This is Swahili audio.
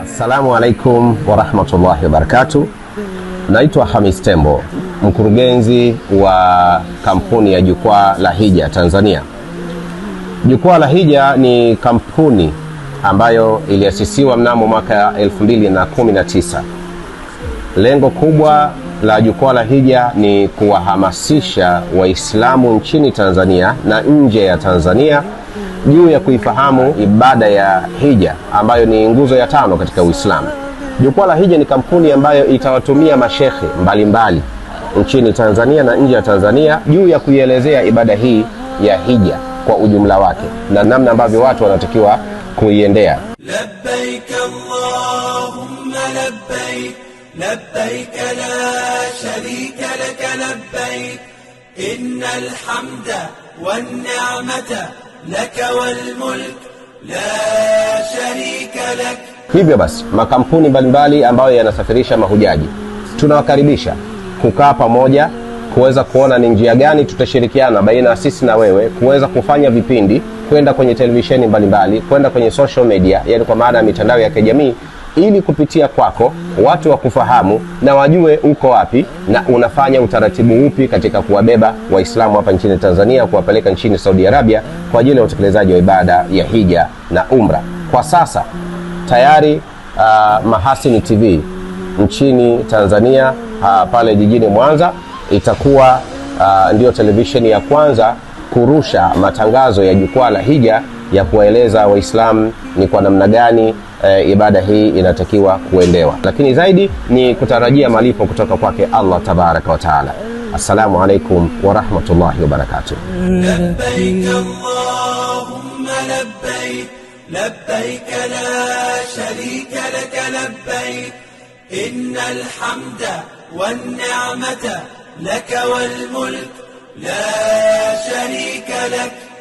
Assalamu alaikum warahmatullahi wabarakatu. Naitwa Hamis Tembo, mkurugenzi wa kampuni ya Jukwaa la Hija Tanzania. Jukwaa la Hija ni kampuni ambayo iliasisiwa mnamo mwaka 2019. Lengo kubwa la Jukwaa la Hija ni kuwahamasisha Waislamu nchini Tanzania na nje ya Tanzania juu ya kuifahamu ibada ya hija ambayo ni nguzo ya tano katika Uislamu. Jukwaa la Hija ni kampuni ambayo itawatumia mashekhe mbalimbali nchini Tanzania na nje ya Tanzania juu ya kuielezea ibada hii ya hija kwa ujumla wake na namna ambavyo watu wanatakiwa kuiendea. Labbaik Allahumma Hivyo basi makampuni mbalimbali ambayo yanasafirisha mahujaji tunawakaribisha kukaa pamoja kuweza kuona ni njia gani tutashirikiana baina ya sisi na wewe kuweza kufanya vipindi kwenda kwenye televisheni mbalimbali, kwenda kwenye social media, yani kwa maana ya mitandao ya kijamii ili kupitia kwako watu wakufahamu na wajue uko wapi na unafanya utaratibu upi katika kuwabeba Waislamu hapa nchini Tanzania kuwapeleka nchini Saudi Arabia kwa ajili ya utekelezaji wa ibada ya hija na umra. Kwa sasa tayari uh, Mahasini TV nchini Tanzania uh, pale jijini Mwanza itakuwa uh, ah, ndiyo televisheni ya kwanza kurusha matangazo ya jukwaa la hija ya kuwaeleza Waislamu ni kwa namna gani e, ibada hii inatakiwa kuendewa, lakini zaidi ni kutarajia malipo kutoka kwake Allah tabaraka wa taala. Assalamu alaikum warahmatullahi wabarakatuh. Labbaik Allahumma labbaik labbaik la sharika la